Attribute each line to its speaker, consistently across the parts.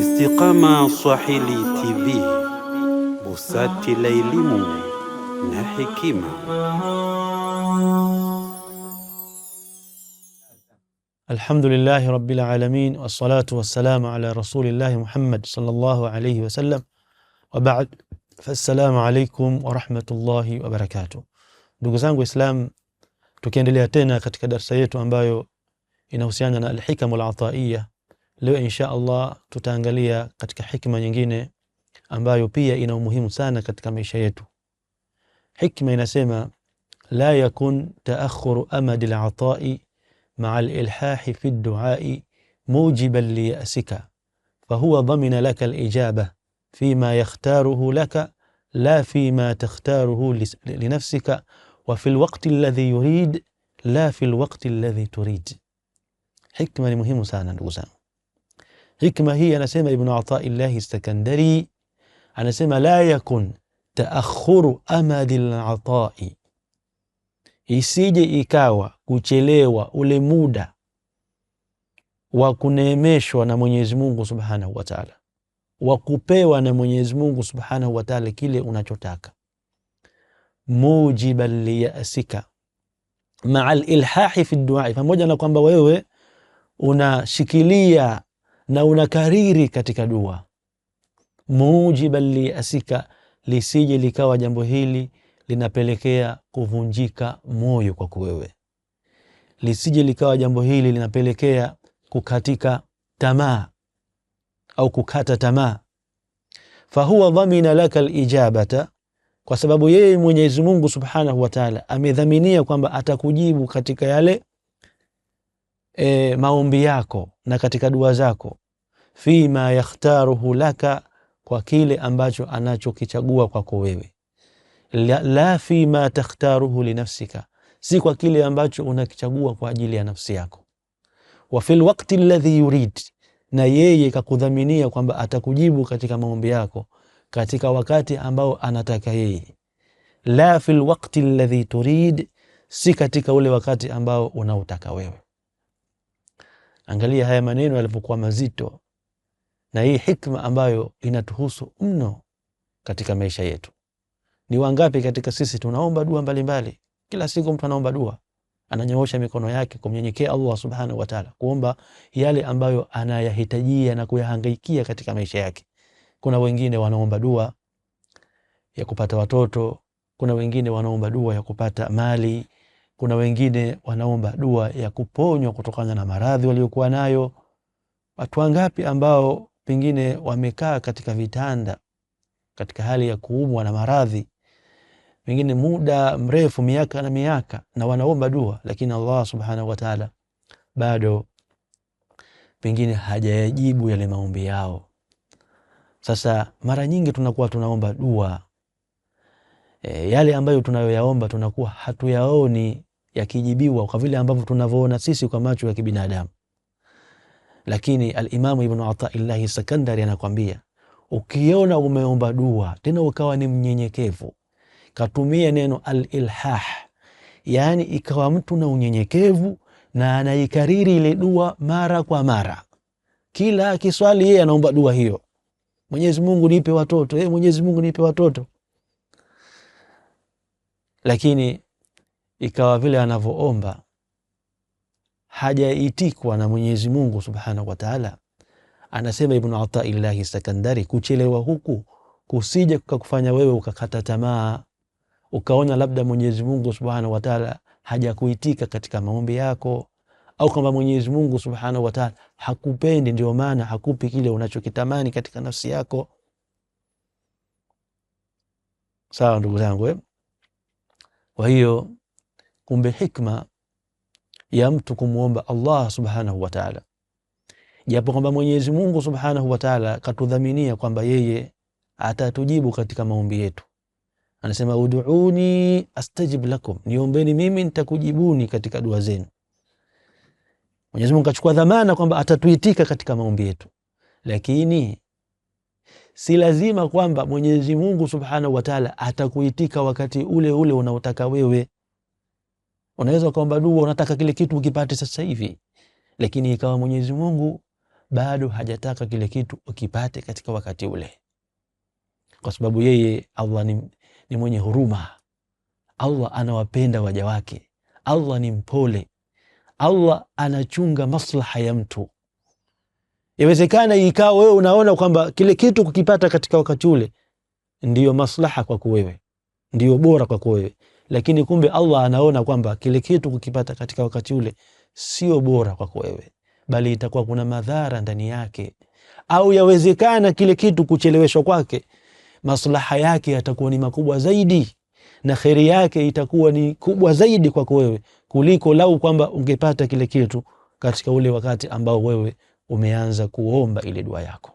Speaker 1: Istiqama Swahili TV, busati la elimu na hekima. Alhamdulillahi rabbil alamin wassalatu wassalamu ala rasulillahi Muhammad sallallahu alayhi wasallam wa ba'd. Fassalamu alaykum wa rahmatullahi wa barakatuh. Ndugu zangu Waislamu, tukiendelea tena katika darsa yetu ambayo inahusiana na alhikamu alataiya. Leo insha Allah tutaangalia katika hikma nyingine ambayo pia ina umuhimu sana katika maisha yetu. Hikma inasema la yakun taakhuru amadi alatai maa alilhahi fi duai mujiban liyasika fahuwa dhamina laka alijaba fima yakhtaruhu laka la fima takhtaruhu linafsika wa fi alwaqti alladhi yurid la fi alwaqti alladhi turid حكمة ni muhimu sana ndugu zangu. Hikma hii anasema Ibnu Ataillahi Sakandari, anasema la yakun taakhuru amadi latai, isije ikawa kuchelewa ule muda wa kuneemeshwa na Mwenyezi Mungu subhanahu wa taala, wa kupewa na Mwenyezi Mungu subhanahu wa taala kile unachotaka, mujiban liyasika maa lilhahi fi duai, pamoja na kwamba wewe unashikilia na unakariri katika dua, mujiban asika lisije likawa jambo hili linapelekea kuvunjika moyo kwako wewe, lisije likawa jambo hili linapelekea kukatika tamaa au kukata tamaa. Fahuwa dhamina laka lijabata, kwa sababu yeye Mwenyezi Mungu subhanahu wa taala amedhaminia kwamba atakujibu katika yale e, maombi yako na katika dua zako, fima yakhtaruhu laka, kwa kile ambacho anachokichagua kwako wewe. La, la fima takhtaruhu linafsika, si kwa kile ambacho unakichagua kwa ajili ya nafsi yako. Wa fil waqti alladhi yurid, na yeye kakudhaminia kwamba atakujibu katika maombi yako katika wakati ambao anataka yeye. La fil waqti alladhi turid, si katika ule wakati ambao unautaka wewe. Angalia haya maneno yalivyokuwa mazito na hii hikma ambayo inatuhusu mno katika maisha yetu. Ni wangapi katika sisi tunaomba dua mbalimbali mbali. Kila siku mtu anaomba dua, ananyoosha mikono yake kumnyenyekea Allah subhanahu wa ta'ala, kuomba yale ambayo anayahitajia na kuyahangaikia katika maisha yake. Kuna wengine wanaomba dua ya kupata watoto, kuna wengine wanaomba dua ya kupata mali, kuna wengine wanaomba dua ya kuponywa kutokana na maradhi waliokuwa nayo. Watu wangapi ambao pengine wamekaa katika vitanda katika hali ya kuumwa na maradhi pengine muda mrefu, miaka na miaka, na wanaomba dua, lakini Allah subhanahu wa ta'ala bado pengine hajayajibu yale maombi yao. Sasa mara nyingi tunakuwa tunaomba dua e, yale ambayo tunayoyaomba tunakuwa hatuyaoni yakijibiwa kwa vile ambavyo tunavyoona sisi kwa macho ya kibinadamu. Lakini Alimamu Ibnu Ataillahi sekandari anakwambia ukiona umeomba dua tena ukawa ni mnyenyekevu, katumia neno alilhah, yaani ikawa mtu na unyenyekevu na anaikariri ile dua mara kwa mara, kila akiswali yeye anaomba dua hiyo, Mwenyezi Mungu nipe watoto, e, Mwenyezi Mungu nipe watoto. Lakini ikawa vile anavyoomba hajaitikwa na Mwenyezi Mungu Subhanahu wa Ta'ala. Anasema Ibnu Ataillahi Sakandari, kuchelewa huku kusije kukakufanya wewe ukakata tamaa, ukaona labda Mwenyezi Mungu Subhanahu wa Ta'ala hajakuitika katika maombi yako, au kwamba Mwenyezi Mungu Subhanahu wa Ta'ala hakupendi, ndio maana hakupi kile unachokitamani katika nafsi yako. Sawa ndugu zangu, eh? kwa hiyo kumbe hikma ya mtu kumwomba Allah subhanahu wa ta'ala, japo kwamba Mwenyezi Mungu subhanahu wa ta'ala katudhaminia kwamba yeye atatujibu katika maombi yetu. Anasema, uduuni astajib lakum, niombeni mimi nitakujibuni katika dua zenu. Mwenyezi Mungu kachukua dhamana kwamba atatuitika katika maombi yetu, lakini si lazima kwamba Mwenyezi Mungu subhanahu wa ta'ala atakuitika wakati ule ule unaotaka wewe Unaweza ukaomba dua, unataka kile kitu ukipate sasa hivi, lakini ikawa Mwenyezi Mungu bado hajataka kile kitu ukipate katika wakati ule, kwa sababu yeye Allah ni, ni mwenye huruma. Allah anawapenda waja wake. Allah ni mpole. Allah anachunga maslaha ya mtu. Yawezekana ikawa wewe unaona kwamba kile kitu kukipata katika wakati ule ndiyo maslaha kwako wewe, ndiyo bora kwako wewe lakini kumbe Allah anaona kwamba kile kitu kukipata katika wakati ule sio bora kwako wewe, bali itakuwa kuna madhara ndani yake, au yawezekana kile kitu kucheleweshwa kwake maslaha yake yatakuwa ni makubwa zaidi na kheri yake itakuwa ni kubwa zaidi kwako wewe kuliko lau kwamba ungepata kile kitu katika ule wakati ambao wewe umeanza kuomba ile dua yako.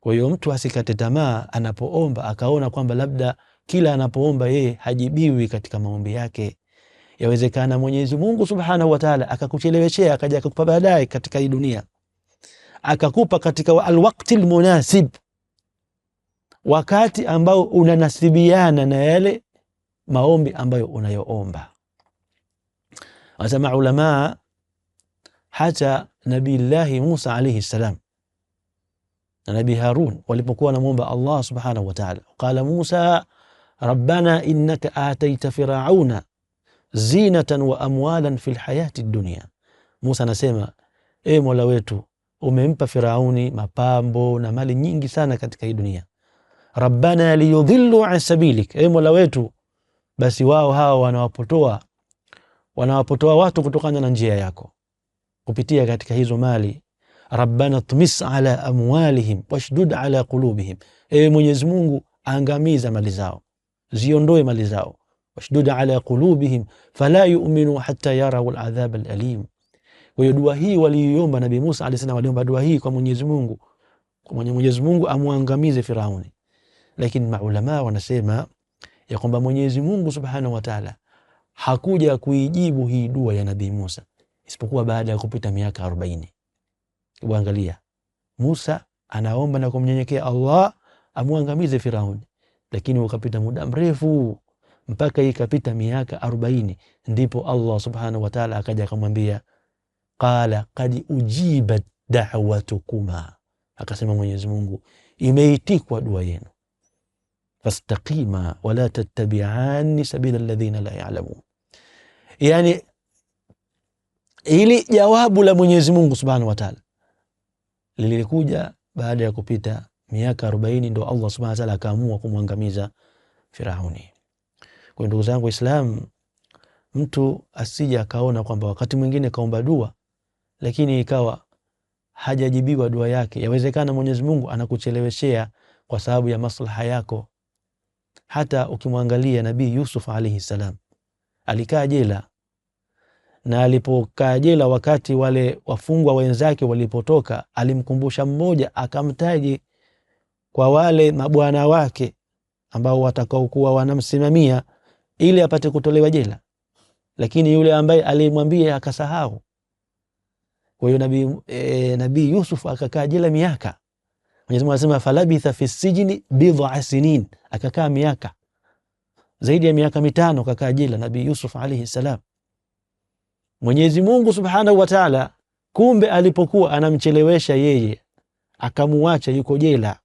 Speaker 1: Kwa hiyo mtu asikate tamaa anapoomba akaona kwamba labda kila anapoomba yeye hajibiwi katika maombi yake. Yawezekana Mwenyezi Mungu Subhanahu wa Ta'ala akakucheleweshea akaja akakupa baadaye katika hii dunia, akakupa katika alwakti almunasib, wakati ambao unanasibiana na yale maombi ambayo unayoomba. Wasema ulama hata Nabillahi Musa alaihi salam na Nabii Harun walipokuwa namuomba Allah Subhanahu wa Ta'ala, qala Musa rabbana innaka ataita firauna zinatan wa amwalan fi lhayati dunia. Musa anasema e Mola wetu, umempa Firauni mapambo na mali nyingi sana katika hii dunia. rabbana liyudhillu an sabilik, e Mola wetu, basi wao hawa wanawapotoa wanawapotoa watu kutokana na njia yako kupitia katika hizo mali. rabbana tmis ala amwalihim washdud ala qulubihim, e Mwenyezi Mungu, angamiza mali zao ziondoe mali zao, washdud ala qulubihim fala yu'minu hata yarau aladhab alalim. Kwa hiyo dua hii waliiomba Nabii Musa alayhi salam, waliomba dua hii kwa Mwenyezi Mungu, kwa Mwenyezi Mungu amwangamize Firauni. Lakini maulama wanasema ya kwamba Mwenyezi Mungu subhanahu wa ta'ala hakuja kuijibu hii dua ya Nabii Musa isipokuwa baada ya kupita miaka arobaini. Hebu Musa anaomba na kumnyenyekea Allah amwangamize Firauni lakini ukapita muda mrefu mpaka ikapita miaka arobaini ndipo Allah subhanahu wa ta'ala akaja akamwambia qala qad ujibat da'watukuma, akasema Mwenyezi Mungu imeitikwa dua yenu, fastaqima wala tattabi'ani sabila alladhina la ya'lamun. Yani ili jawabu la Mwenyezi Mungu subhanahu wa ta'ala lilikuja baada ya kupita miaka 40 ndo Allah subhanahu wa ta'ala akaamua kumwangamiza Firauni. Kwa ndugu zangu Waislamu, mtu asija akaona kwamba wakati mwingine kaomba dua lakini ikawa hajajibiwa dua yake. Yawezekana Mwenyezi Mungu anakucheleweshea kwa sababu ya maslaha yako. Hata ukimwangalia Nabii Yusuf alaihi salam alikaa jela, na alipokaa jela, wakati wale wafungwa wenzake walipotoka, alimkumbusha mmoja, akamtaji kwa wale mabwana wake ambao watakaokuwa wanamsimamia ili apate kutolewa jela, lakini yule ambaye alimwambia akasahau. Kwa hiyo nabii e, nabii Yusuf akakaa jela miaka. Mwenyezi Mungu anasema falabitha fi sijni bidha sinin, akakaa miaka zaidi ya miaka mitano akakaa jela nabii Yusuf alayhi salam. Mwenyezi Mungu subhanahu wa Ta'ala, kumbe alipokuwa anamchelewesha yeye, akamuacha yuko jela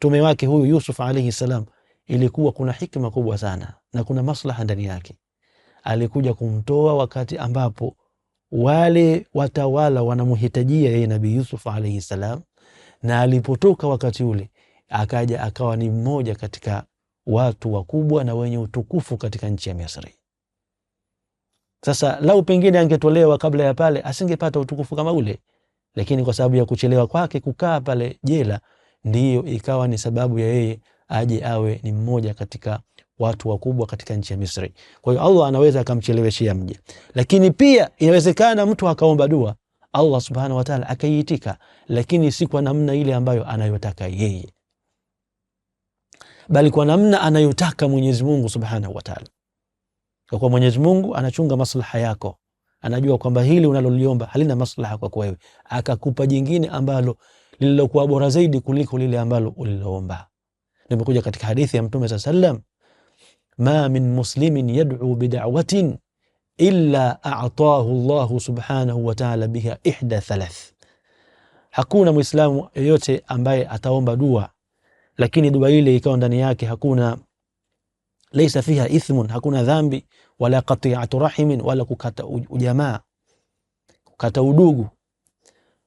Speaker 1: mtume wake huyu Yusuf alayhi salam, ilikuwa kuna hikma kubwa sana na kuna maslaha ndani yake. Alikuja kumtoa wakati ambapo wale watawala wanamhitajia yeye Nabii Yusuf alayhi salam, na alipotoka wakati ule akaja akawa ni mmoja katika watu wakubwa na wenye utukufu katika nchi ya Misri. Sasa lau pengine angetolewa kabla ya pale, asingepata utukufu kama ule, lakini kwa sababu ya kuchelewa kwake kukaa pale jela ndiyo ikawa ni sababu ya yeye aje awe ni mmoja katika watu wakubwa katika nchi ya Misri. Kwa hiyo Allah anaweza akamcheleweshia mje, lakini pia inawezekana mtu akaomba dua Allah subhanahu wa ta'ala akaiitika, lakini si kwa namna ile ambayo anayotaka yeye, bali kwa namna anayotaka Mwenyezi Mungu subhanahu wa ta'ala, kwa kuwa Mwenyezi Mungu anachunga maslaha yako, anajua kwamba hili unaloliomba halina maslaha kwako wewe, akakupa jingine ambalo lililokuwa bora zaidi kuliko lile ambalo uliloomba. Nimekuja katika hadithi ya Mtume sallallahu alayhi ma min muslimin yad'u bida'watin illa a'tahu Allahu subhanahu wa ta'ala biha ihda thalath, hakuna Muislamu yeyote ambaye ataomba dua lakini dua ile ikawa ndani yake hakuna laisa fiha ithmun, hakuna dhambi wala qati'atu rahimin, wala kukata ujamaa, kukata udugu,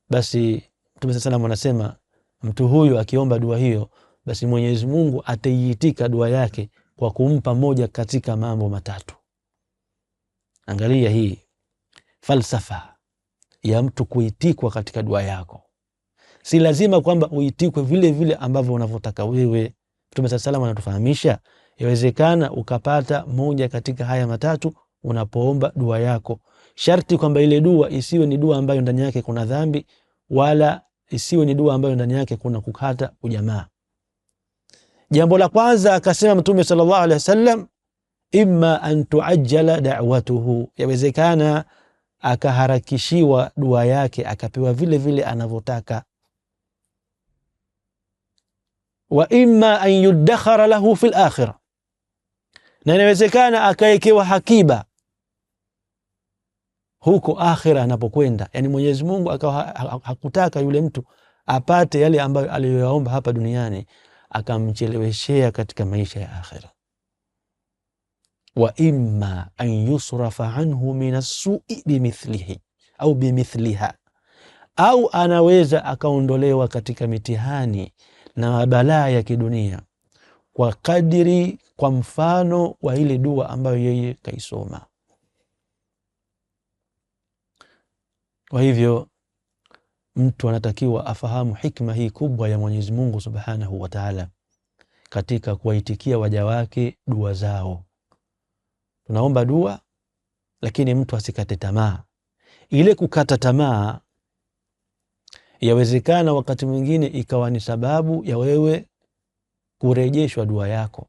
Speaker 1: basi Mtume sasalam anasema mtu huyu akiomba dua hiyo, basi Mwenyezi Mungu ataiitika dua yake kwa kumpa moja katika mambo matatu. Angalia hii falsafa ya mtu kuitikwa katika dua yako. Si lazima kwamba uitikwe vile vile ambavyo unavyotaka wewe. Mtume saa salam anatufahamisha yawezekana ukapata moja katika haya matatu unapoomba dua yako, sharti kwamba ile dua isiwe ni dua ambayo ndani yake kuna dhambi wala isiwe ni dua ambayo ndani yake kuna kukata ujamaa. Jambo la kwanza akasema Mtume sallallahu alaihi wasallam, imma an tuajjala da'watuhu, yawezekana akaharakishiwa dua yake akapewa vile vile anavyotaka. Wa imma an yudakhara lahu fil akhirah, na inawezekana akawekewa hakiba huko akhira anapokwenda, yani Mwenyezi Mungu akawa hakutaka yule mtu apate yale ambayo aliyoyaomba hapa duniani, akamcheleweshea katika maisha ya akhira. wa imma an yusrafa anhu min assui bimithlihi au bimithliha, au anaweza akaondolewa katika mitihani na mabalaa ya kidunia kwa kadiri, kwa mfano wa ile dua ambayo yeye kaisoma. Kwa hivyo mtu anatakiwa afahamu hikma hii kubwa ya Mwenyezi Mungu Subhanahu wa Ta'ala katika kuwaitikia waja wake dua zao. Tunaomba dua, lakini mtu asikate tamaa. Ile kukata tamaa yawezekana wakati mwingine ikawa ni sababu ya wewe kurejeshwa dua yako.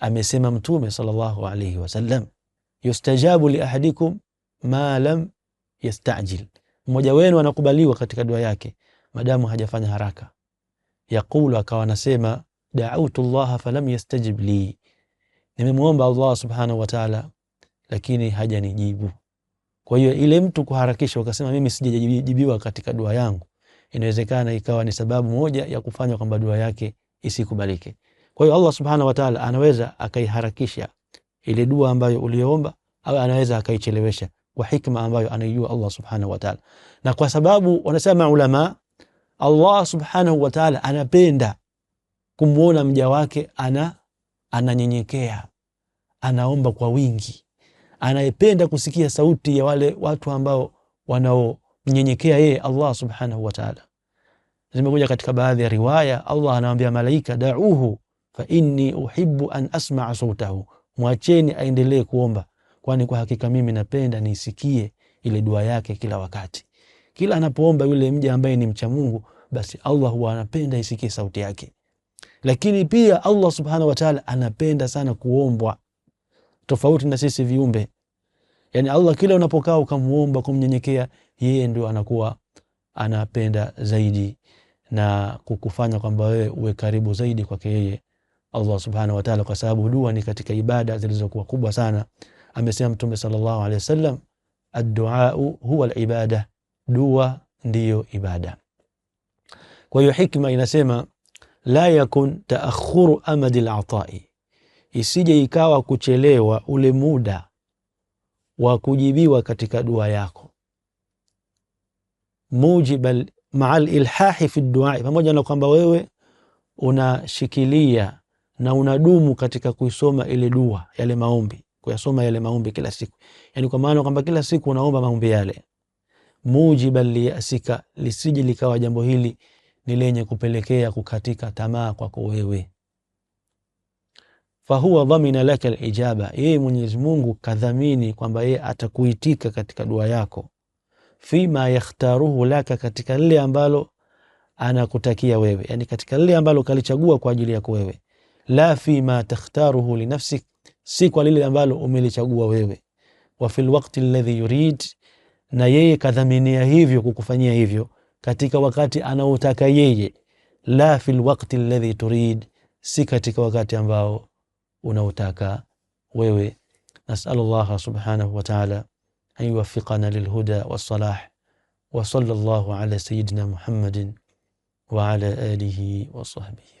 Speaker 1: Amesema Mtume sallallahu alayhi wasallam, yustajabu li ahadikum ma lam yastajil, mmoja wenu anakubaliwa katika dua yake madamu hajafanya haraka. Yaqulu, akawa anasema daautu llaha falam yastajib li, nimemwomba Allah subhanahu wa ta'ala lakini hajanijibu. Kwa hiyo ile mtu kuharakisha ukasema mimi sijajibiwa katika dua yangu, inawezekana ikawa ni sababu moja ya kufanya kwamba dua yake isikubalike. Kwa hiyo Allah subhanahu wa ta'ala anaweza akaiharakisha ile dua ambayo uliomba, au anaweza akaichelewesha kwa hikma ambayo anaijua Allah subhanahu wa ta'ala. Na kwa sababu wanasema ulama, Allah subhanahu wa ta'ala anapenda kumwona mja wake ana ananyenyekea, anaomba kwa wingi, anayependa kusikia sauti ya wale watu ambao wanaonyenyekea yeye Allah subhanahu wa ta'ala. Zimekuja katika baadhi ya riwaya, Allah anawambia malaika, dauhu fa inni uhibbu an asmaa sautahu, mwacheni aendelee kuomba kwani kwa hakika mimi napenda niisikie ile dua yake kila wakati. Kila anapoomba yule mja ambaye ni mcha Mungu, basi Allah huwa anapenda isikie sauti yake. Lakini pia Allah subhanahu wa ta'ala anapenda sana kuombwa, tofauti na sisi viumbe. Yani Allah kila unapokaa ukamuomba, kumnyenyekea, yeye ndio anakuwa anapenda zaidi na kukufanya kwamba wewe uwe karibu zaidi kwake yeye Allah subhanahu wa ta'ala, kwa sababu dua ni katika ibada zilizokuwa kubwa sana amesema Mtume sallallahu alaihi wasallam, adduau huwa alibada, dua ndiyo ibada. Kwa hiyo hikma inasema la yakun taakhuru amadi latai, isije ikawa kuchelewa ule muda wa kujibiwa katika dua yako. Mujiba maa lilhahi fi duai, pamoja na kwamba wewe unashikilia na unadumu katika kuisoma ile dua, yale maombi kuyasoma yale maombi kila siku, yani kwa maana kwamba kila siku unaomba maombi yale. Mujiban liyasika, lisije likawa jambo hili ni lenye kupelekea kukatika tamaa kwako wewe. Fahuwa dhamina laka alijaba, yeye Mwenyezi Mungu kadhamini kwamba yeye atakuitika katika dua yako. Fima yakhtaruhu laka, katika lile ambalo anakutakia wewe, yani katika lile ambalo kalichagua kwa ajili yako wewe. La fima takhtaruhu linafsik si kwa lile ambalo umelichagua wewe. Wa fil waqti alladhi yurid, na yeye kadhaminia hivyo kukufanyia hivyo katika wakati anaotaka yeye. La fil waqti alladhi turid, si katika wakati ambao unaotaka wewe. نسأل الله subhanahu wa ta'ala يوفقنا للهدى والصلاح وصلى wa sallallahu ala محمد Muhammadin wa ala alihi wa sahbihi